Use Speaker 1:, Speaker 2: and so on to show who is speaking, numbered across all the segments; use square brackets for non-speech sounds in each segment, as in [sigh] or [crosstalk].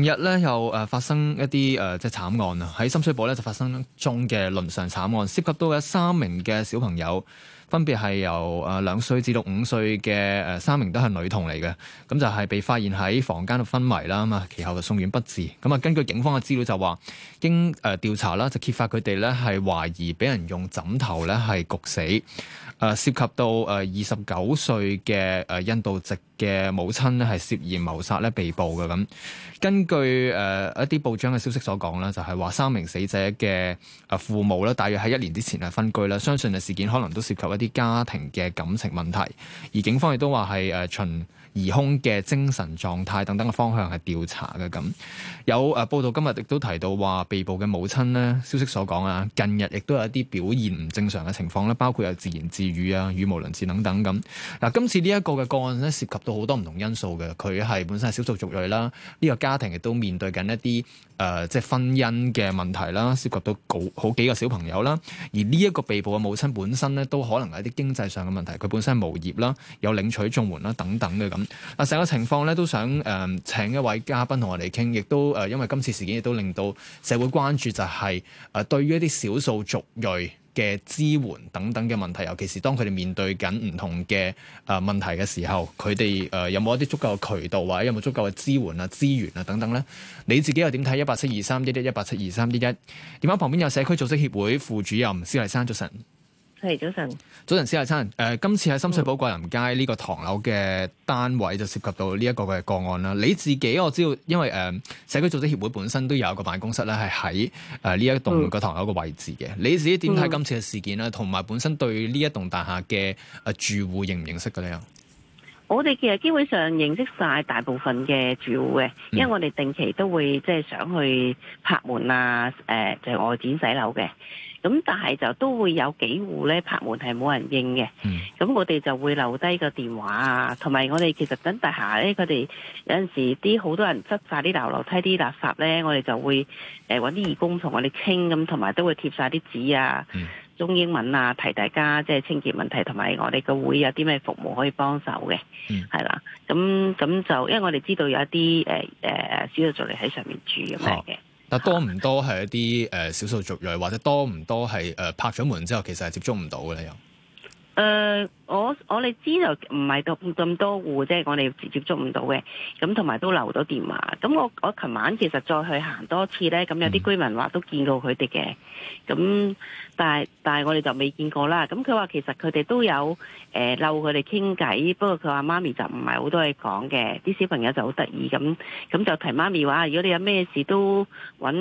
Speaker 1: 近日咧又誒發生一啲誒、呃、即係慘案啊！喺深水埗咧就發生一宗嘅倫常慘案，涉及到嘅三名嘅小朋友。分別係由誒兩歲至到五歲嘅誒三名都係女童嚟嘅，咁就係被發現喺房間度昏迷啦啊，其後就送院不治。咁啊，根據警方嘅資料就話，經誒調查啦，就揭發佢哋咧係懷疑俾人用枕頭咧係焗死。誒涉及到誒二十九歲嘅誒印度籍嘅母親呢係涉嫌謀殺咧被捕嘅咁。根據誒一啲報章嘅消息所講啦，就係話三名死者嘅誒父母咧，大約喺一年之前係分居啦，相信事件可能都涉及一啲家庭嘅感情問題，而警方亦都話係誒巡。呃疑兇嘅精神狀態等等嘅方向係調查嘅。咁有誒、啊、報道今日亦都提到話被捕嘅母親呢，消息所講啊，近日亦都有一啲表現唔正常嘅情況咧，包括有自言自語啊、語無倫次等等咁嗱、啊。今次呢一個嘅個案呢，涉及到好多唔同因素嘅，佢係本身係少數族裔啦，呢、這個家庭亦都面對緊一啲誒、呃、即係婚姻嘅問題啦，涉及到好好幾個小朋友啦，而呢一個被捕嘅母親本身呢，都可能係一啲經濟上嘅問題，佢本身係無業啦，有領取綜援啦等等嘅嗱，成個情況咧，都想誒請一位嘉賓同我哋傾，亦都誒因為今次事件亦都令到社會關注，就係誒對於一啲少數族裔嘅支援等等嘅問題，尤其是當佢哋面對緊唔同嘅誒問題嘅時候，佢哋誒有冇一啲足夠嘅渠道或者有冇足夠嘅支援啊資源啊等等咧？你自己又點睇？一八七二三一一一八七二三一一，電話旁邊有社區組織協會副主任施麗珊，早晨。係早晨，早晨施麗珊。誒、呃，今次喺深水埗桂林街呢個唐樓嘅單位就涉及到呢一個嘅個案啦。你自己我知道，因為誒、呃、社區組織協會本身都有一個辦公室咧，係喺誒呢一棟個唐樓個位置嘅。嗯、你自己點睇今次嘅事件啦？同埋本身對呢一棟大廈嘅誒住戶認唔認識嘅咧？
Speaker 2: 我哋其實基本上認識晒大部分嘅住戶嘅，因為我哋定期都會即係想去拍門啊，誒、呃，就外展洗樓嘅。咁但係就都會有幾戶咧，拍門係冇人應嘅。咁、嗯、我哋就會留低個電話啊，同埋、嗯、我哋其實等大廈咧，佢哋有陣時啲好多人執晒啲樓樓梯啲垃圾咧，我哋就會誒揾啲義工同我哋傾咁，同埋都會貼晒啲紙啊，嗯、中英文啊，提大家即係、就是、清潔問題，同埋我哋個會有啲咩服務可以幫手嘅，係啦、嗯，咁咁就因為我哋知道有一啲誒誒誒小有住
Speaker 1: 喺上面住咁樣嘅。嗯哦哦但多唔多係一啲誒少數族裔，或者多唔多係誒、呃、拍咗門之後，其實係接觸唔到嘅咧，又、
Speaker 2: uh。我我哋知道唔係咁咁多戶，即係我哋接接觸唔到嘅，咁同埋都留咗電話。咁我我琴晚其實再去行多次咧，咁有啲居民話都見過佢哋嘅，咁但係但係我哋就未見過啦。咁佢話其實佢哋都有誒嬲佢哋傾偈，不過佢話媽咪就唔係好多嘢講嘅，啲小朋友就好得意咁，咁就提媽咪話，如果你有咩事都揾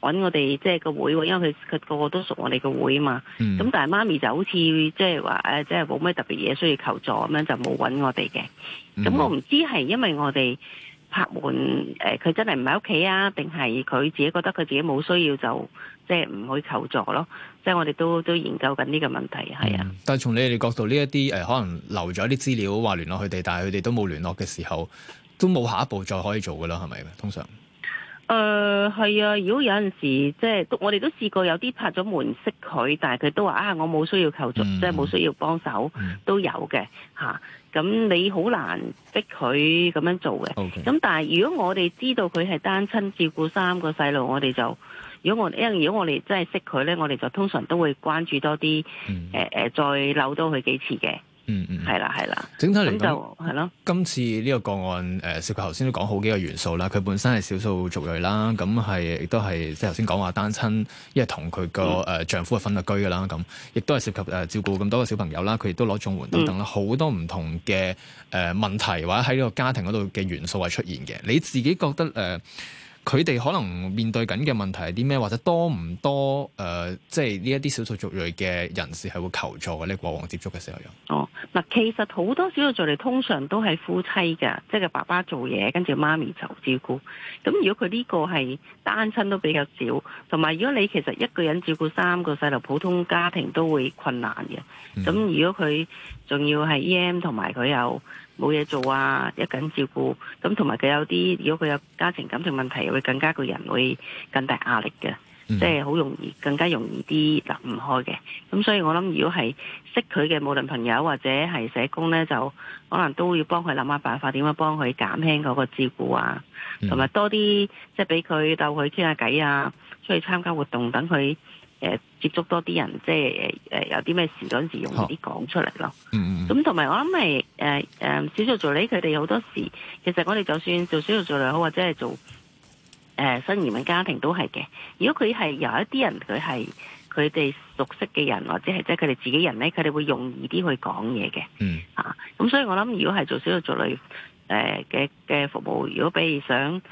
Speaker 2: 揾我哋即係個會，因為佢佢個個都屬我哋個會啊嘛。咁、嗯、但係媽咪就好似即係話誒，即係冇咩特別。嘢需要求助咁樣就冇揾我哋嘅，咁、嗯、哼我唔知係因為我哋拍門誒，佢、呃、真係唔喺屋企啊，定係佢自己覺得佢自己冇需要就即係唔去求助咯，即係我哋都都研究緊呢個問題，係啊。
Speaker 1: 嗯、但係從你哋角度，呢一啲誒可能留咗啲資料話聯絡佢哋，但係佢哋都冇聯絡嘅時候，都冇下一步再可以做㗎喇，係咪？通常。
Speaker 2: 誒係、呃、啊！如果有陣時，即係我哋都試過有啲拍咗門識佢，但係佢都話啊，我冇需要求助，嗯、即係冇需要幫手，都有嘅嚇。咁、啊、你好難逼佢咁樣做嘅。咁 Okay. 但係如果我哋知道佢係單親照顧三個細路，我哋就如果我因為如果我哋真係識佢咧，我哋就通常都會關注多啲，誒誒、嗯呃，再扭多佢幾次嘅。嗯嗯，係啦係啦，的整體嚟講係咯。
Speaker 1: 就今次呢個個案，誒的，涉及頭先都講好幾個元素啦。佢本身係少數族裔啦，咁係亦都係即係頭先講話單親，因為同佢個誒丈夫係分咗居噶啦，咁亦都係涉及誒照顧咁多個小朋友啦。佢亦都攞綜援等等啦，好的多唔同嘅誒問題或者喺呢個家庭嗰度嘅元素係出現嘅。你自己覺得誒？呃佢哋可能面對緊嘅問題係啲咩？或者多唔多？誒、呃，即係呢一啲少數族裔嘅人士係會求助嘅呢？過往接觸嘅時候有？哦，
Speaker 2: 嗱，其實好多少數族裔通常都係夫妻㗎，即係爸爸做嘢，跟住媽咪就照顧。咁如果佢呢個係單親都比較少，同埋如果你其實一個人照顧三個細路，普通家庭都會困難嘅。咁、嗯、如果佢仲要係 E.M. 同埋佢有。冇嘢做啊，一緊照顧，咁同埋佢有啲，如果佢有家庭感情問題，會更加個人會更大壓力嘅，嗯、即係好容易更加容易啲諗唔開嘅。咁所以我諗，如果係識佢嘅，無論朋友或者係社工呢，就可能都要幫佢諗下辦法，點樣幫佢減輕嗰個照顧啊，同埋、嗯、多啲即係俾佢逗佢傾下偈啊，出去參加活動，等佢。誒接觸多啲人，即係誒誒有啲咩事嗰陣時，容易啲講出嚟咯。嗯嗯。咁同埋我諗係誒誒小數助理佢哋好多時，其實我哋就算做小數助理好，或者係做誒、呃、新移民家庭都係嘅。如果佢係有一啲人，佢係佢哋熟悉嘅人，或者係即係佢哋自己人咧，佢哋會容易啲去講嘢嘅。嗯。啊，咁所以我諗如果係做小數助理誒嘅嘅服務，如果比如想誒、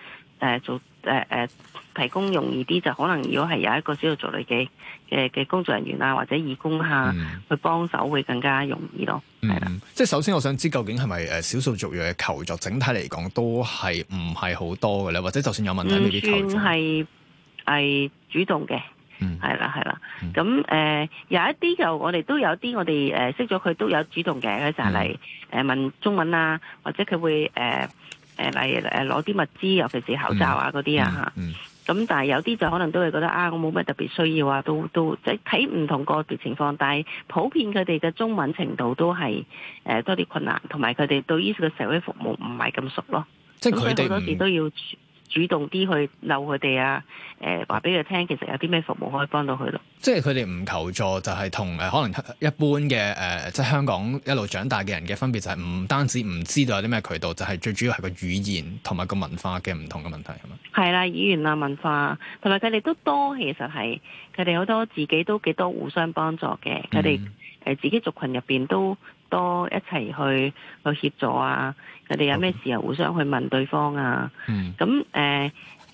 Speaker 2: 呃、做。誒誒，提供容易啲就可能，如果係有一個少數族裔嘅嘅嘅工作人員啊，或者義工嚇，嗯、去幫手會更加容易咯。係啦、嗯，
Speaker 1: 的即係首先我想知究竟係咪誒少數族裔嘅求助，整體嚟講都係唔係好多嘅咧？或者就算有問題，未必求助。算係主動嘅，係
Speaker 2: 啦係啦。咁誒、嗯呃、有一啲就我哋都有啲，我哋誒識咗佢都有主動嘅，佢就嚟、是、誒、嗯、問中文啊，或者佢會誒。呃誒例如誒攞啲物資，尤其是口罩啊嗰啲啊嚇，咁但係有啲就可能都會覺得啊，我冇乜特別需要啊，都都即係睇唔同個別情況，但係普遍佢哋嘅中文程度都係誒、呃、多啲困難，同埋佢哋對於個社會服務唔係咁熟咯，即係佢好多時都要。主動啲去鬧佢哋啊！誒、呃，話俾佢聽，其實有啲咩服務可以幫到佢咯。
Speaker 1: 即係佢哋唔求助，就係同誒可能一般嘅誒、呃，即係香港一路長大嘅人嘅分別，就係唔單止唔知道有啲咩渠道，就係、是、最主要係個語言同埋個文化嘅唔同嘅問題，係咪？
Speaker 2: 係啦、啊，語言啊，文化同埋佢哋都多，其實係佢哋好多自己都幾多互相幫助嘅，佢哋誒自己族群入邊都。多一齊去去協助啊！佢哋有咩事啊，互相去問對方啊。咁誒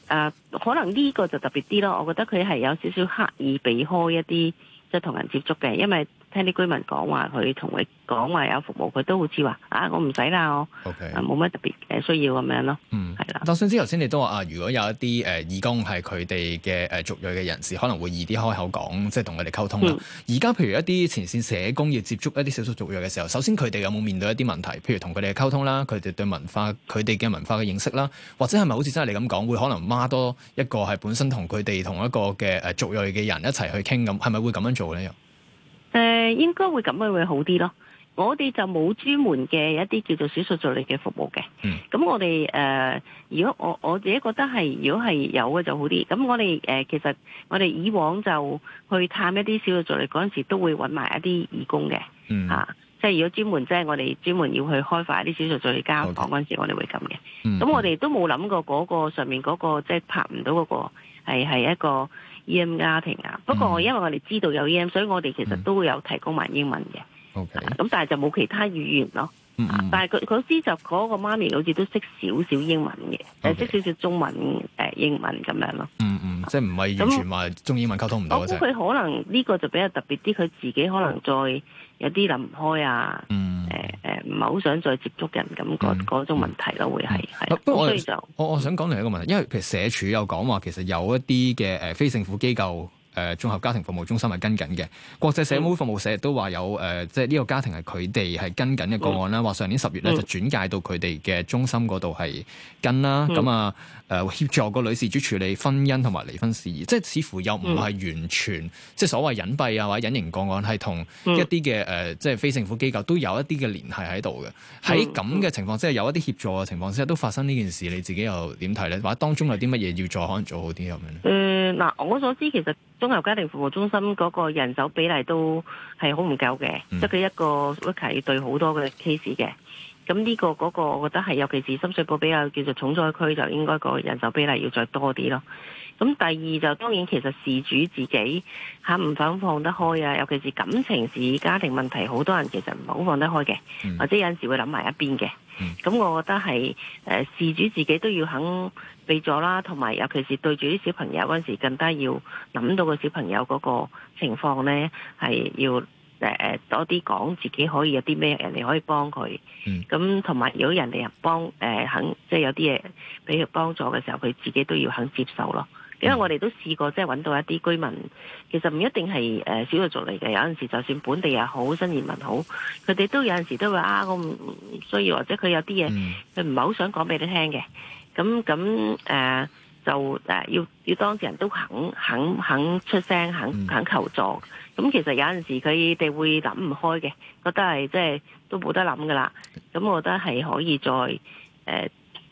Speaker 2: 誒，可能呢個就特別啲咯。我覺得佢係有少少刻意避開一啲即係同人接觸嘅，因為。聽啲居民講話，佢同佢講話有服務，佢都好似話：啊，我唔使啦，我冇乜 Okay. 特別嘅需要
Speaker 1: 咁樣咯。嗯，係啦的。鄧先生，頭先你都話啊，如果有一啲誒、呃、義工係佢哋嘅誒族裔嘅人士，可能會易啲開口講，即係同佢哋溝通啦。而家、嗯、譬如一啲前線社工要接觸一啲少數族裔嘅時候，首先佢哋有冇面對一啲問題？譬如同佢哋嘅溝通啦，佢哋對文化、佢哋嘅文化嘅認識啦，或者係咪好似真係你咁講，會可能孖多一個係本身同佢哋同一個嘅誒族裔嘅人一齊去傾咁？係咪會咁樣做呢？
Speaker 2: 誒、呃，應該會咁樣會好啲咯。我哋就冇專門嘅一啲叫做少數族裔嘅服務嘅。嗯。咁我哋誒、呃，如果我我自己覺得係，如果係有嘅就好啲。咁我哋誒、呃，其實我哋以往就去探一啲少數族裔嗰陣時，都會揾埋一啲義工嘅。嗯。啊、即係如果專門即係、就是、我哋專門要去開發一啲少數族裔家訪嗰陣時我，我哋會咁嘅。嗯。咁我哋都冇諗過嗰個上面嗰、那個即係、就是、拍唔到嗰、那個係係一個。E.M. 家庭啊，不過我因為我哋知道有 E.M.，、嗯、所以我哋其實都會有提供埋英文嘅，OK，咁但係就冇其他語言咯。嗯嗯、但係佢嗰啲就嗰個媽咪好似都識少少英文嘅，誒識、嗯、少少中文誒、呃、英文咁樣咯。嗯
Speaker 1: 嗯，即係唔係完全話中英文溝通唔到嘅啫。佢、嗯、
Speaker 2: 可能呢個就比較特別啲，佢自己可能再有啲諗唔開啊。嗯誒誒，唔係好想再接觸人咁嗰嗰種問題咯，會係係，所以就
Speaker 1: 我我想講另一個問題，因為譬如社署有講話，其實有一啲嘅誒非政府機構。誒綜合家庭服務中心係跟緊嘅，國際社會、嗯、服務社亦都話有誒，即係呢個家庭係佢哋係跟緊嘅個案啦。話、嗯、上年十月咧、嗯、就轉介到佢哋嘅中心嗰度係跟啦。咁啊誒協助個女事主處理婚姻同埋離婚事宜，即係似乎又唔係完全、嗯、即係所謂隱蔽啊或者隱形個案，係同一啲嘅誒，即係非政府機構都有一啲嘅聯繫喺度嘅。喺咁嘅情況即係有一啲協助嘅情況之下，都發生呢件事，你自己又點睇咧？或者當中有啲乜嘢要再可能做好啲咁樣咧？嗱、嗯，我
Speaker 2: 所知其實。綜合家庭服務中心嗰個人手比例都係好唔夠嘅，即佢、嗯、一個 worker 對好多嘅 case 嘅。咁呢個嗰個，嗰個、我覺得係，尤其是深水埗比較叫做重災區，就應該個人手比例要再多啲咯。咁第二就當然其實事主自己肯唔肯放得開啊，尤其是感情事、家庭問題，好多人其實唔好放得開嘅，或者有陣時會諗埋一邊嘅。咁我覺得係誒、呃、事主自己都要肯避咗啦，同埋尤其是對住啲小朋友嗰陣時，更加要諗到個小朋友嗰個情況呢，係要。誒誒多啲講自己可以有啲咩，人哋可以幫佢，咁同埋如果人哋又幫誒、呃、肯，即係有啲嘢，俾佢幫助嘅時候，佢自己都要肯接受咯。因為我哋都試過即係揾到一啲居民，其實唔一定係誒少數族裔嚟嘅，有陣時就算本地又好，新移民好，佢哋都有陣時都會話啊，我唔需要，或者佢有啲嘢佢唔係好想講俾你聽嘅。咁咁誒就誒要要當事人都肯肯肯出聲，肯肯求助。咁其實有陣時佢哋會諗唔開嘅，覺得係即係都冇得諗噶啦。咁我覺得係可以再誒、呃、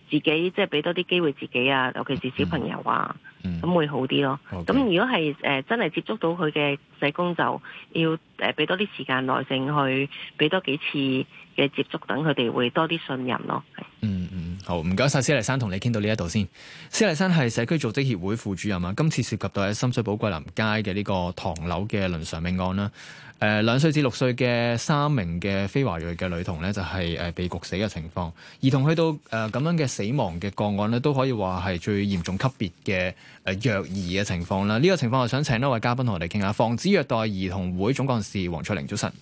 Speaker 2: 自己即係俾多啲機會自己啊，尤其是小朋友啊，咁、嗯、會好啲咯。咁、嗯 okay. 如果係誒、呃、真係接觸到佢嘅社工，就要誒俾、呃、多啲時間耐性去俾多幾次嘅接觸，等佢哋會
Speaker 1: 多啲信任咯。嗯嗯。嗯好，唔該晒。施麗珊同你傾到呢一度先。施麗珊係社區組織協會副主任啊。今次涉及到喺深水埗桂林街嘅呢個唐樓嘅倫常命案啦。誒、呃，兩歲至六歲嘅三名嘅非華裔嘅女童咧，就係、是、誒被焗死嘅情況。兒童去到誒咁、呃、樣嘅死亡嘅個案咧，都可以話係最嚴重級別嘅誒虐兒嘅情況啦。呢、這個情況，我想請一位嘉賓同我哋傾下。防止虐待兒童會總幹事黃翠玲，早晨。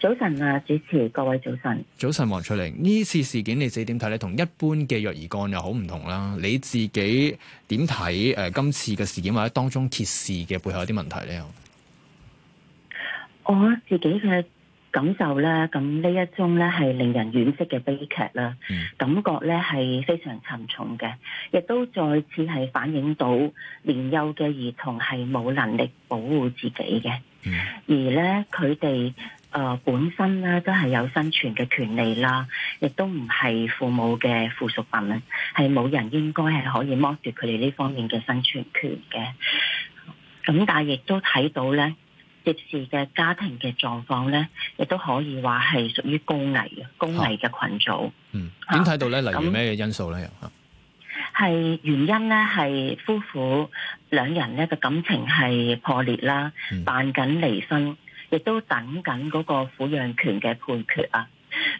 Speaker 1: 早
Speaker 2: 晨啊，主持各位早晨。
Speaker 1: 早晨，黃翠玲，呢次事件你自己點睇咧，同一般嘅虐兒個案又好唔同啦。你自己點睇？誒，今次嘅事件或者當中揭示嘅背後有啲問題咧？
Speaker 2: 我自己嘅感受咧，咁呢一宗咧係令人惋惜嘅悲劇啦，感覺咧係非常沉重嘅，亦都再次係反映到年幼嘅兒童係冇能力保護自己嘅，而咧佢哋。誒、呃，本身咧都係有生存嘅權利啦，亦都唔係父母嘅附屬品，係冇人應該係可以剝奪佢哋呢方面嘅生存權嘅。咁但係亦都睇到咧，涉事嘅家庭嘅狀況咧，亦都可以話係屬於高危嘅，高危
Speaker 1: 嘅群組。啊、嗯，點睇到咧？啊、例如咩嘅因素咧？又吓
Speaker 2: 係原因咧，係夫婦兩人咧嘅感情係破裂啦，辦緊離婚。亦都等緊嗰個撫養權嘅判決啊，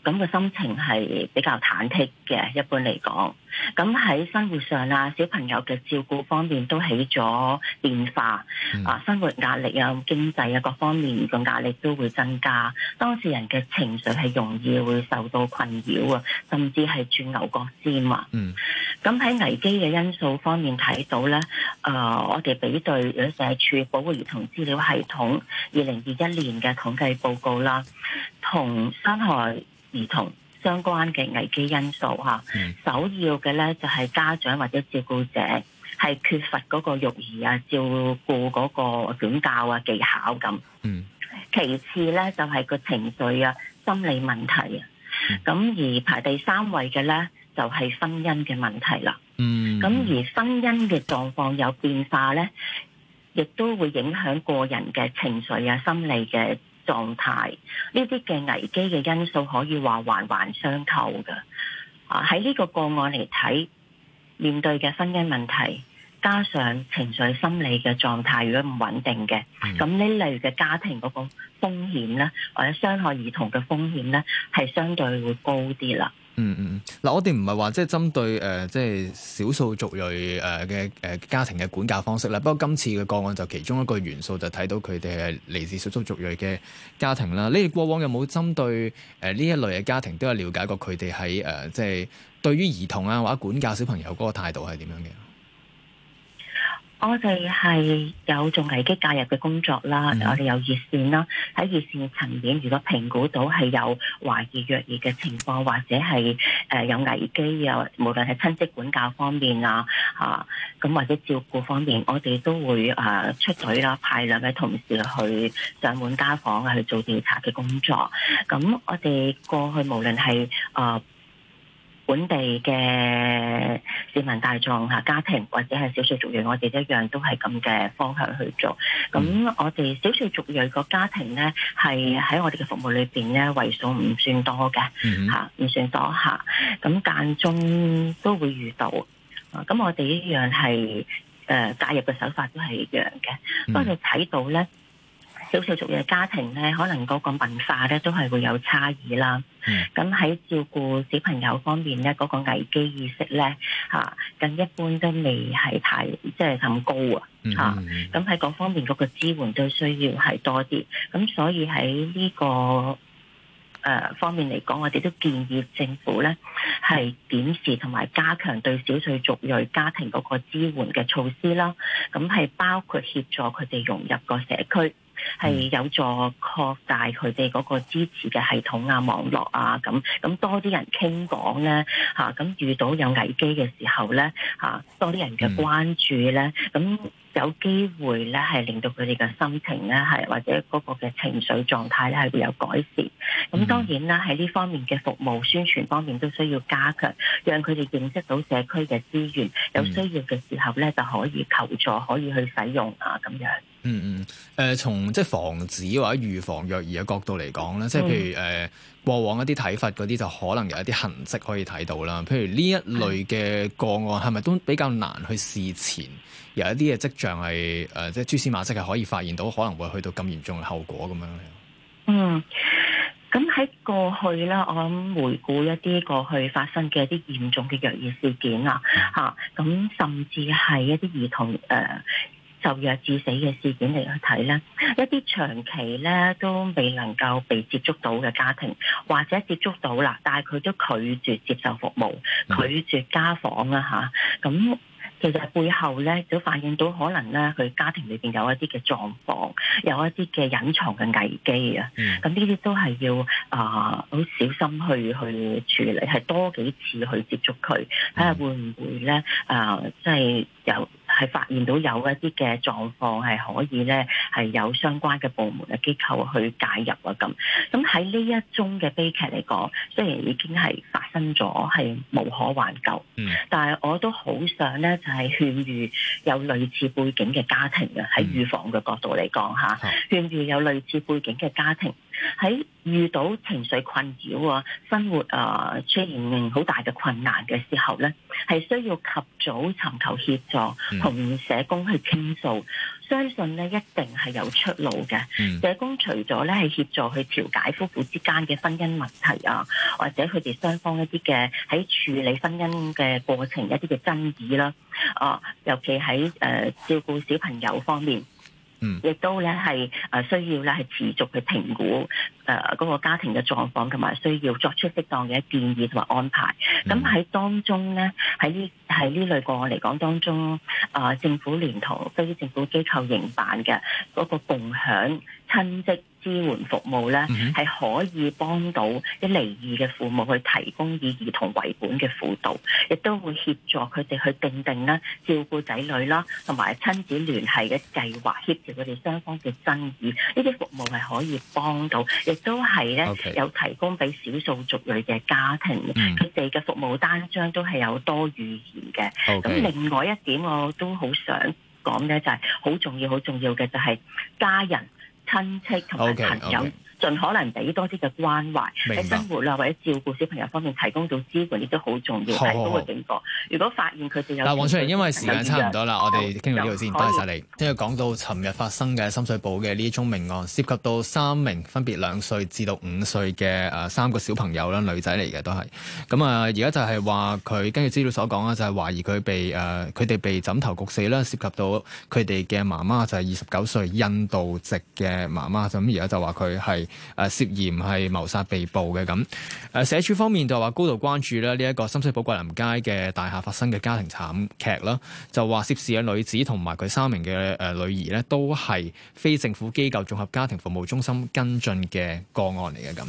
Speaker 2: 咁、那個心情係比較忐忑嘅。一般嚟講，咁喺生活上啊，小朋友嘅照顧方面都起咗變化，啊、嗯，生活壓力啊、經濟啊各方面嘅壓力都會增加，當事人嘅情緒係容易會受到困擾啊，甚至係轉牛角尖啊。嗯咁喺危機嘅因素方面睇到咧，誒、呃，我哋比對社署保護兒童資料系統二零二一年嘅統計報告啦，同傷害兒童相關嘅危機因素嚇，嗯、首要嘅咧就係、是、家長或者照顧者係缺乏嗰個育兒啊、照顧嗰個管教啊技巧咁。嗯。其次咧就係、是、個情緒啊、心理問題啊。咁、嗯、而排第三位嘅咧，就係婚姻嘅問題啦，咁、mm hmm. 而婚姻嘅狀況有變化咧，亦都會影響個人嘅情緒啊、心理嘅狀態，呢啲嘅危機嘅因素可以話環環相扣㗎。啊，喺呢個個案嚟睇，面對嘅婚姻問題，加上情緒、心理嘅狀態如果唔穩定嘅，咁呢、mm hmm. 類嘅家庭嗰個風險咧，或者傷害兒童嘅風險咧，係相對會高
Speaker 1: 啲啦。嗯嗯，嗱、嗯，我哋唔係話即係針對誒即係少數族裔誒嘅誒家庭嘅管教方式啦。不過今次嘅個案就其中一個元素，就睇到佢哋係嚟自少數族裔嘅家庭啦。你哋過往有冇針對誒呢、呃、一類嘅家庭都有了解過佢哋喺誒即係對於兒童啊或者管教小朋友嗰個態度係點樣嘅？
Speaker 2: [music] 我哋係有做危機介入嘅工作啦，嗯、我哋有熱線啦。喺熱線嘅層面，如果評估到係有懷疑虐兒嘅情況，或者係誒有危機啊，無論係親職管教方面啊，嚇咁或者照顧方面，我哋都會誒、啊、出隊啦，派兩位同事去上門家訪去做調查嘅工作。咁我哋過去無論係誒。啊本地嘅市民大眾嚇家庭或者係少數族裔，我哋一樣都係咁嘅方向去做。咁我哋少數族裔個家庭咧，係喺我哋嘅服務裏邊咧，為數唔算多嘅嚇，唔、嗯、哼算多嚇。咁間中都會遇到，咁我哋一樣係誒、呃、介入嘅手法都係一樣嘅。不過你睇到咧。少數族裔家庭咧，可能嗰個文化咧都係會有差異啦。咁喺、mm hmm. 照顧小朋友方面咧，嗰、那個危機意識咧嚇，咁、啊、一般都未係太即係咁高啊嚇。咁喺嗰方面嗰個支援都需要係多啲。咁所以喺呢、這個誒、呃、方面嚟講，我哋都建議政府咧係檢視同埋加強對少數族裔家庭嗰個支援嘅措施啦。咁係包括協助佢哋融入個社區。係有助擴大佢哋嗰個支持嘅系統啊、網絡啊，咁咁多啲人傾講咧吓，咁、啊、遇到有危機嘅時候咧吓、啊，多啲人嘅關注咧，咁、嗯。有機會咧，係令到佢哋嘅心情咧，係或者嗰個嘅情緒狀態咧，係會有改善。咁當然啦，喺呢方面嘅服務宣傳方面都需要加強，讓佢哋認識到社區嘅資源，有需要嘅時
Speaker 1: 候咧就可以求助，可以去使用啊咁樣。嗯嗯，誒、呃，從即係防止或者預防虐兒嘅角度嚟講咧，即係譬如誒。嗯過往，往一啲睇法嗰啲就可能有一啲痕跡可以睇到啦，譬如呢一類嘅個案係咪都比較難去事前有一啲嘅跡象係誒、呃，即係蛛絲馬跡係可以發現到可能會去到咁嚴重嘅後果咁樣咧？嗯，
Speaker 2: 咁喺過去啦，我諗回顧一啲過去發生嘅一啲嚴重嘅虐兒事件啊，嚇，咁甚至係一啲兒童誒。呃受虐致死嘅事件嚟去睇咧，一啲長期咧都未能夠被接觸到嘅家庭，或者接觸到啦，但係佢都拒絕接受服務，拒絕家訪啊嚇。咁、啊、其實背後咧都反映到可能咧佢家庭裏邊有一啲嘅狀況，有一啲嘅隱藏嘅危機啊。咁呢啲都係要啊好、呃、小心去去處理，係多幾次去接觸佢，睇下會唔會咧啊、呃，即係有。係發現到有一啲嘅狀況，係可以咧係有相關嘅部門嘅機構去介入啊咁。咁喺呢一宗嘅悲劇嚟講，雖然已經係發生咗係無可挽救，但係我都好想咧就係勸喻有類似背景嘅家庭啊，喺預防嘅角度嚟講嚇，勸喻有類似背景嘅家庭。喺遇到情緒困擾啊，生活啊出現好大嘅困難嘅時候咧，係需要及早尋求協助，同社工去傾訴。相信咧一定係有出路嘅。社工除咗咧係協助去調解夫婦之間嘅婚姻問題啊，或者佢哋雙方一啲嘅喺處理婚姻嘅過程一啲嘅爭議啦。啊，尤其喺誒照顧小朋友方面。亦、嗯、都咧係啊，需要咧係持續去評估，誒嗰個家庭嘅狀況同埋需要，作出適當嘅建議同埋安排。咁喺、嗯、當中咧，喺呢喺呢類個案嚟講當中，啊、呃、政府聯同非政府機構營辦嘅嗰個共享親職支援服務咧，係、mm hmm. 可以幫到啲離異嘅父母去提供以兒童為本嘅輔導，亦都會協助佢哋去定定啦，照顧仔女啦，同埋親子聯繫嘅計劃，協調佢哋雙方嘅爭議。呢啲服務係可以幫到，亦都係咧 Okay. 有提供俾少數族裔嘅家庭，佢哋嘅服務單張都係有多語言嘅。咁 Okay. 另外一點，我都好想講咧，就係、是、好重要、好重要嘅就係家人。親戚同埋朋友。盡可能俾多啲嘅關懷喺生活啦，或者照顧小朋友方面提供到資源，亦都好重要。提高個警覺。如果發現佢哋有……嗱，黃翠玲，因為時間差唔多啦，樣我哋傾到呢度先，樣多
Speaker 1: 謝晒你。因為講到尋日發生嘅深水埗嘅呢一宗命案，涉及到三名分別兩歲至到五歲嘅誒、呃、三個小朋友啦、呃，女仔嚟嘅都係。咁、呃、啊，而家就係話佢根據資料所講啦，就係、是、懷疑佢被誒佢哋被枕頭焗死啦，涉及到佢哋嘅媽媽就係二十九歲印度籍嘅媽媽咁，而家就話佢係。誒涉嫌係謀殺被捕嘅咁，誒社署方面就話高度關注咧呢一個深水埗桂林街嘅大廈發生嘅家庭慘劇啦，就話涉事嘅女子同埋佢三名嘅誒女兒咧都係非政府機構綜合家庭服務中心跟進嘅個案嚟嘅咁。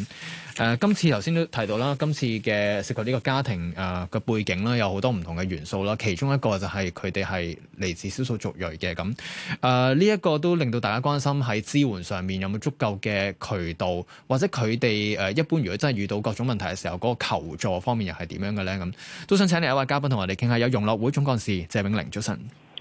Speaker 1: 誒今次頭先都提到啦，今次嘅涉及呢個家庭誒嘅背景啦，有好多唔同嘅元素啦。其中一個就係佢哋係嚟自少數族裔嘅咁。誒呢一個都令到大家關心喺支援上面有冇足夠嘅渠道，或者佢哋誒一般如果真係遇到各種問題嘅時候，嗰個求助方面又係點樣嘅咧？咁都想請嚟一位嘉賓同我哋傾下，有融樂會總幹事謝永齡，早晨。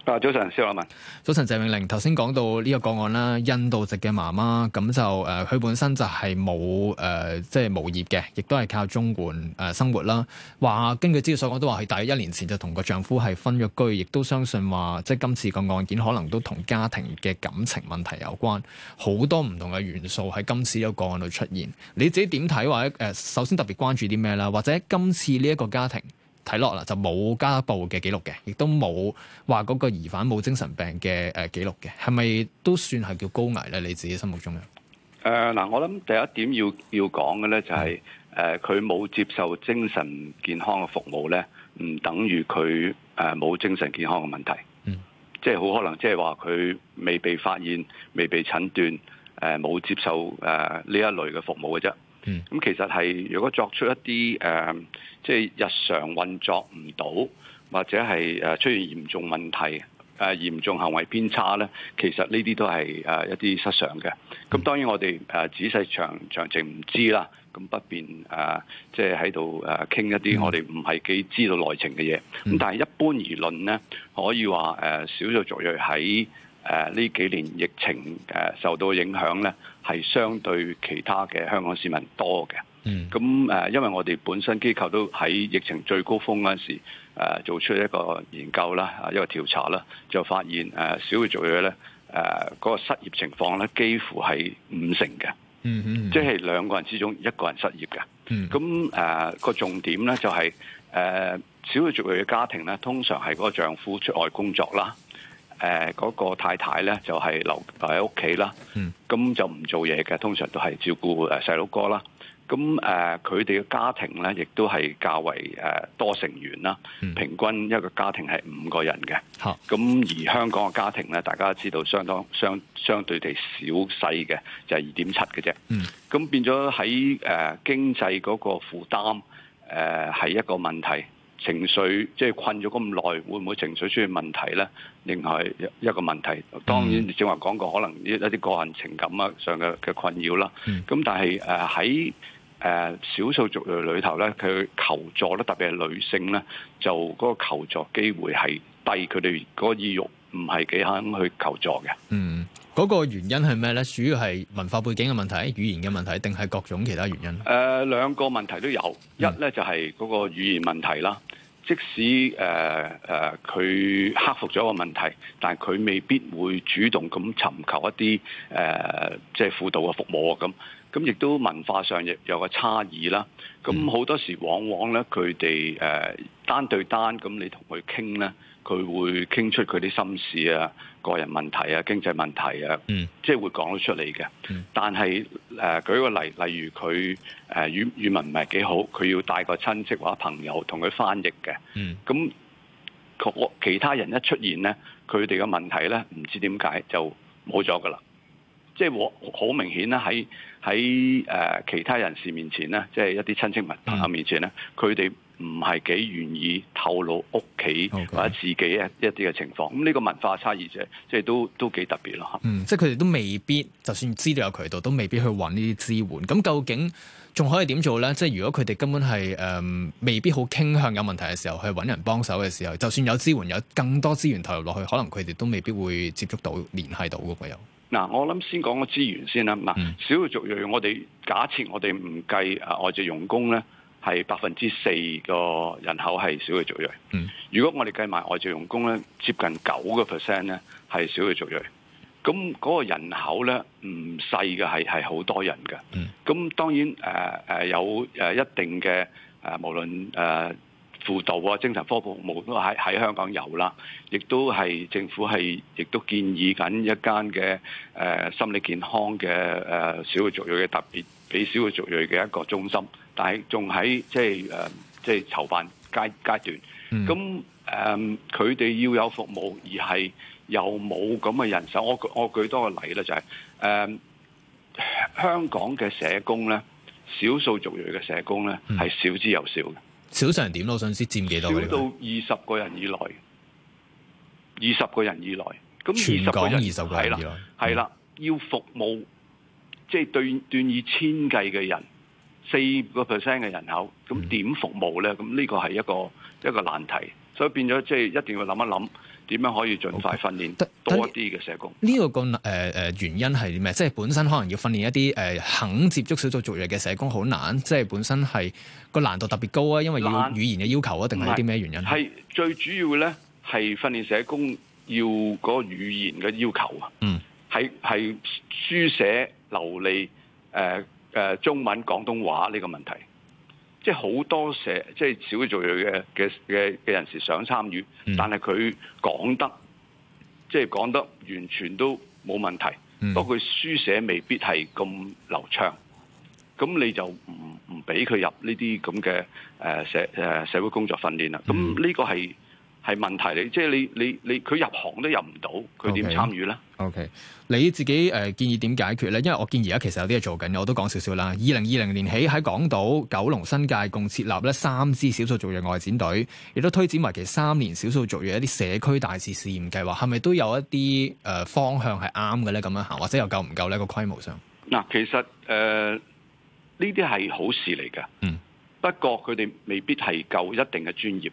Speaker 1: 啊，早晨，肖亞文。早晨，謝永齡。頭先講到呢個個案啦，印度籍嘅媽媽，咁就誒，佢、呃、本身就係冇誒，即係無業嘅，亦都係靠綜援誒、呃、生活啦。話根據資料所講，都話佢大約一年前就同個丈夫係分咗居，亦都相信話，即係今次個案件可能都同家庭嘅感情問題有關。好多唔同嘅元素喺今次個、個案度出現。你自己點睇？話咧，誒、呃，首先特別關注啲咩啦？或者今次呢一個家庭？睇落啦，就冇家暴嘅記錄嘅，亦都冇話嗰個疑犯冇精神病嘅誒記錄嘅，係咪都算係叫高危咧？你自己心目中咧？
Speaker 3: 誒嗱、呃，我諗第一點要要講嘅咧就係誒佢冇接受精神健康嘅服務咧，唔等於佢誒冇精神健康嘅問題。嗯，即係好可能即係話佢未被發現、未被診斷、誒、呃、冇接受誒呢、呃、一類嘅服務嘅啫。咁、嗯、其實係，如果作出一啲誒、呃，即係日常運作唔到，或者係誒出現嚴重問題、誒、呃、嚴重行為偏差咧，其實呢啲都係誒、呃、一啲失常嘅。咁當然我哋誒、呃、仔細詳詳情唔知啦，咁不便誒、呃，即係喺度誒傾一啲我哋唔係幾知道內情嘅嘢。咁、嗯嗯、但係一般而論咧，可以話誒，少、呃、數族裔喺誒呢幾年疫情誒、呃、受到影響咧。係相對其他嘅香港市民多嘅，咁誒、呃，因為我哋本身機構都喺疫情最高峰嗰陣時、呃、做出一個研究啦，一個調查啦，就發現誒、呃、少數族裔咧誒，嗰、呃那個失業情況咧幾乎係五成嘅，嗯嗯， [noise] 即係兩個人之中一個人失業嘅，咁誒個重點咧就係、是、誒、呃、少數族裔嘅家庭咧，通常係嗰個丈夫出外工作啦。誒嗰、呃那個太太咧就係、是、留留喺屋企啦，咁、嗯、就唔做嘢嘅，通常都係照顧誒細佬哥啦。咁誒佢哋嘅家庭咧，亦都係較為誒、呃、多成員啦，嗯、平均一個家庭係五個人嘅。好、啊，咁而香港嘅家庭咧，大家都知道相當相相對地少細嘅，就係二點七嘅啫。咁、嗯、變咗喺誒經濟嗰個負擔誒係、呃呃、一個問題。情緒即係困咗咁耐，會唔會情緒出現問題呢？另外一個問題，當然正話講過，可能一啲個人情感啊上嘅嘅困擾啦。咁但係誒喺誒少數族裔裏頭呢，佢求助咧，特別係女性呢，就嗰個求助機會係低，佢哋嗰意欲唔係幾肯去求助嘅。嗯，
Speaker 1: 嗰個原因係咩呢？主要係文化背景嘅問題、語言嘅問題，定係各種其他原因
Speaker 3: 咧？誒，兩個問題都有，一呢就係嗰個語言問題啦。即使誒誒佢克服咗個問題，但係佢未必會主動咁尋求一啲誒、呃、即係輔導嘅服務咁，咁亦都文化上亦有個差異啦。咁好多時往往咧佢哋誒單對單咁你同佢傾咧。佢會傾出佢啲心事啊、個人問題啊、經濟問題啊，嗯、即係會講到出嚟嘅。嗯、但係誒、呃，舉個例，例如佢誒、呃、語語文唔係幾好，佢要帶個親戚或者朋友同佢翻譯嘅。咁、嗯、其他人一出現呢，佢哋嘅問題呢，唔知點解就冇咗㗎啦。即係我好明顯啦，喺喺誒其他人士面前呢，即係一啲親戚朋友面前呢，佢哋、嗯。唔係幾願意透露屋企或者自己一一啲嘅情況，咁呢 Okay. 個文化差異啫，即係都都幾特別咯。嗯，
Speaker 1: 即係佢哋都未必，就算知道有渠道，都未必去搵呢啲支援。咁究竟仲可以點做咧？即係如果佢哋根本係誒、呃、未必好傾向有問題嘅時候去搵人幫手嘅時候，就算有支援，有更多資源投入落去，可能佢哋都未必會接觸到、聯繫到嘅喎。又
Speaker 3: 嗱，我諗先講個資源先啦。嗱、嗯，少數族裔，我哋假設我哋唔計誒外籍傭工咧。係百分之四個人口係少數族裔。如果我哋計埋外籍傭工咧，接近九個 percent 咧係少數族裔。咁嗰個人口咧唔細嘅，係係好多人嘅。咁、嗯、當然誒誒、呃、有誒一定嘅誒、呃、無論誒輔導啊、精神科服務都喺喺香港有啦。亦都係政府係亦都建議緊一間嘅誒心理健康嘅誒、呃、少數族裔嘅特別俾少數族裔嘅一個中心。但係仲喺即係誒，即係、呃、籌辦階階段。咁誒、嗯，佢哋、嗯、要有服務，而係又冇咁嘅人手。我我舉多個例咧，就係、是、誒、呃、香港嘅社工咧，少數族裔嘅社工咧，係、嗯、少之又少
Speaker 1: 嘅。少成點咯？我想知佔幾多少？少到
Speaker 3: 二十個人以內，二十個人以內。咁全港二十個係啦，係、嗯、啦，啦，要服務即係對對以千計嘅人。四個 percent 嘅人口，咁點服務咧？咁呢個係一個、嗯、一個難題，所以變咗即係一定要諗一諗點樣可以盡快訓練得多啲嘅社工。
Speaker 1: 呢、okay. 個個誒誒、呃、原因係咩？即係本身可能要訓練一啲誒、呃、肯接觸少數族裔嘅社工好難，即係本身係個難度特別高啊，因為要語言嘅要求啊，定係啲咩原因？係
Speaker 3: 最主要咧，係訓練社工要嗰個語言嘅要求啊。嗯，係係書寫流利誒。呃誒、呃、中文廣東話呢個問題，即係好多社即係少數族裔嘅嘅嘅嘅人士想參與，嗯、但係佢講得，即係講得完全都冇問題，不過佢書寫未必係咁流暢，咁你就唔唔俾佢入呢啲咁嘅誒社誒、呃、社會工作訓練啦。咁呢個係。嗯係問題嚟，即係你你你佢入行都入唔到，佢點參與呢
Speaker 1: ？o、okay. K，、okay. 你自己誒、呃、建議點解決呢？因為我見而家其實有啲嘢做緊嘅，我都講少少啦。二零二零年起喺港島、九龍新界共設立咗三支少數族裔外展隊，亦都推展為期三年少數族裔一啲社區大使試驗計劃，係咪都有一啲誒、呃、方向係啱嘅呢？咁樣行，或者又夠唔夠呢？嗰個規模上
Speaker 3: 嗱，其實誒呢啲係好事嚟嘅，嗯，不過佢哋未必係夠一定嘅專業。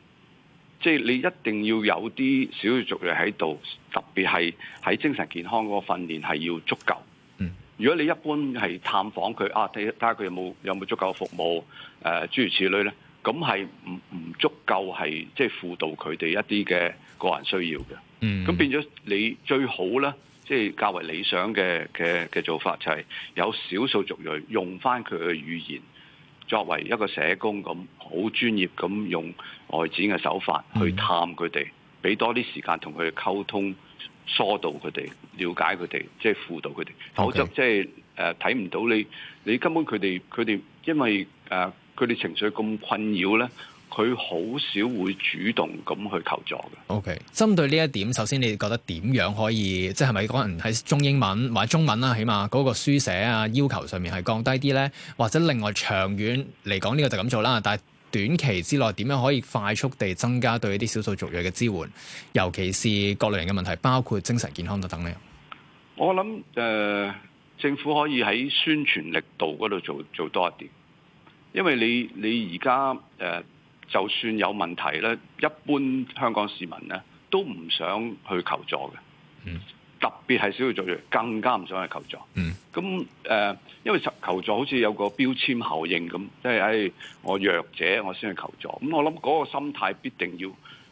Speaker 3: 即係你一定要有啲少數族裔喺度，特別係喺精神健康嗰個訓練係要足夠。嗯，如果你一般係探訪佢啊，睇下佢有冇有冇足夠嘅服務，誒、呃、諸如此類咧，咁係唔唔足夠係即係輔導佢哋一啲嘅個人需要嘅。嗯，咁變咗你最好咧，即、就、係、是、較為理想嘅嘅嘅做法就係有少數族裔用翻佢嘅語言。作為一個社工咁，好專業咁用外展嘅手法去探佢哋，俾多啲時間同佢哋溝通，疏導佢哋，了解佢哋，即係輔導佢哋。否則即係誒睇唔到你，你根本佢哋佢哋因為誒佢哋情緒咁困擾咧。佢好少會主動咁去求助嘅。
Speaker 1: OK，針對呢一點，首先你哋覺得點樣可以，即係咪可能喺中英文或者中文啦，啊，起碼嗰個書寫啊要求上面係降低啲呢？或者另外長遠嚟講，呢個就咁做啦。但係短期之內，點樣可以快速地增加對一啲少數族裔嘅支援，尤其是各類型嘅問題，包括精神健康等等呢？
Speaker 3: 我諗、呃，政府可以喺宣傳力度嗰度做做多一啲，因為你你而家誒。呃就算有問題咧，一般香港市民咧都唔想去求助嘅，嗯、特別係少數族裔更加唔想去求助。咁誒、嗯呃，因為求助好似有個標籤效應，咁、就是，即係誒我弱者我先去求助。咁我諗嗰個心態必定要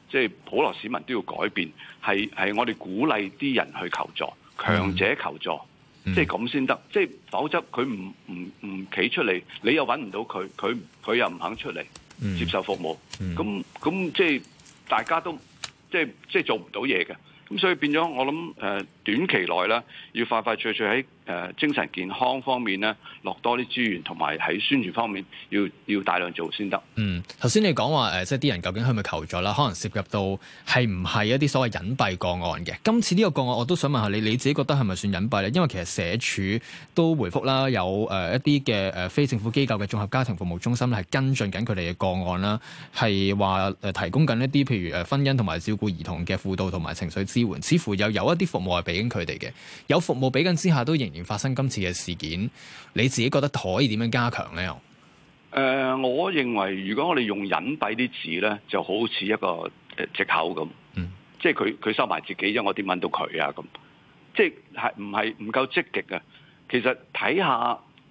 Speaker 3: 即係、就是、普羅市民都要改變，係係我哋鼓勵啲人去求助，強者求助，即係咁先得。即係、就是、否則佢唔唔唔企出嚟，你又揾唔到佢，佢佢又唔肯出嚟。嗯、接受服務，咁咁、嗯、即係大家都即係即係做唔到嘢嘅，咁所以變咗我諗誒。呃短期內咧，要快快脆脆喺誒精神健康方面咧落多啲資源，同埋喺宣傳方面要要大量做先得。嗯，
Speaker 1: 頭先你講話誒、呃，即係啲人究竟係咪求助啦？可能涉及到係唔係一啲所謂隱蔽個案嘅？今次呢個個案我都想問下你，你自己覺得係咪算隱蔽咧？因為其實社署都回覆啦，有誒一啲嘅誒非政府機構嘅綜合家庭服務中心咧，係跟進緊佢哋嘅個案啦，係話誒提供緊一啲譬如誒婚姻同埋照顧兒童嘅輔導同埋情緒支援，似乎又有，有一啲服務係俾佢哋嘅有服務俾緊之下，都仍然發生今次嘅事件。你自己覺得可以點樣加強呢？誒、
Speaker 3: 呃，我認為如果我哋用隱蔽啲字呢，就好似一個借口咁。嗯，即係佢佢收埋自己，因為我點揾到佢啊？咁即係唔係唔夠積極啊？其實睇下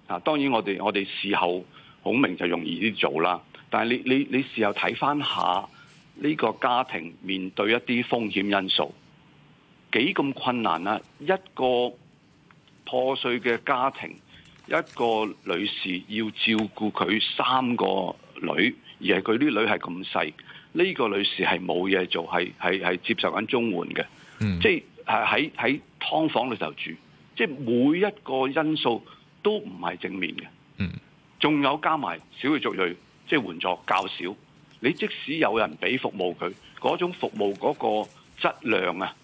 Speaker 3: 啊，當然我哋我哋事後孔明就容易啲做啦。但係你你你事後睇翻下呢個家庭面對一啲風險因素。幾咁困難啊！一個破碎嘅家庭，一個女士要照顧佢三個女，而係佢啲女係咁細。呢、呢個女士係冇嘢做，係係係接受緊綜援嘅，mm. 即係喺喺劏房裏頭住。即係每一個因素都唔係正面嘅。仲、mm. 有加埋少數族裔，即係援助較少。你即使有人俾服務佢，嗰種服務嗰個質量啊！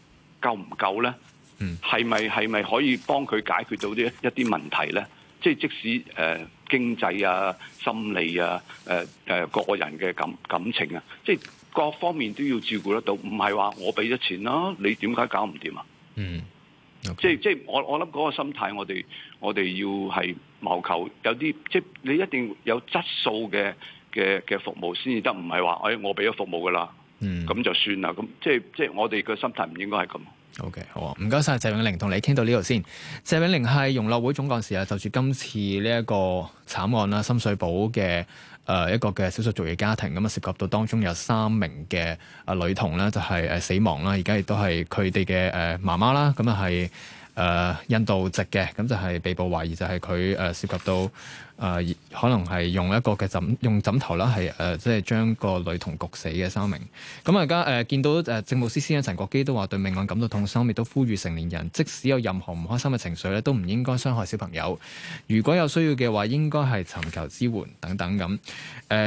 Speaker 3: 夠唔夠呢？嗯，係咪係咪可以幫佢解決到啲一啲問題呢？即係即使誒、呃、經濟啊、心理啊、誒、呃、誒、呃、個人嘅感感情啊，即係各方面都要照顧得到。唔係話我俾咗錢啦、啊，你點解搞唔掂啊？嗯，okay. 即係即係我我諗嗰個心態我，我哋我哋要係謀求有啲即係你一定要有質素嘅嘅嘅服務先至得，唔係話誒我俾咗服務噶啦。嗯，咁就算啦，咁即係即係我哋嘅心態唔應該係
Speaker 1: 咁。O、okay, K，好啊，唔該晒，謝永齡，同你傾到呢度先。謝永齡係融樂會總幹事啊，就住今次呢一個慘案啦，深水埗嘅誒一個嘅少數族裔家庭咁啊，涉及到當中有三名嘅啊女童啦，就係誒死亡啦，而家亦都係佢哋嘅誒媽媽啦，咁啊係。誒、呃、印度籍嘅，咁、嗯、就係、是、被捕懷疑就係佢誒涉及到誒、呃、可能係用一個嘅枕用枕頭啦，係誒、呃、即係將個女童焗死嘅生命。咁而家誒見到誒政務司司長陳國基都話對命案感到痛心，亦都呼籲成年人即使有任何唔開心嘅情緒咧，都唔應該傷害小朋友。如果有需要嘅話，應該係尋求支援等等咁誒。嗯呃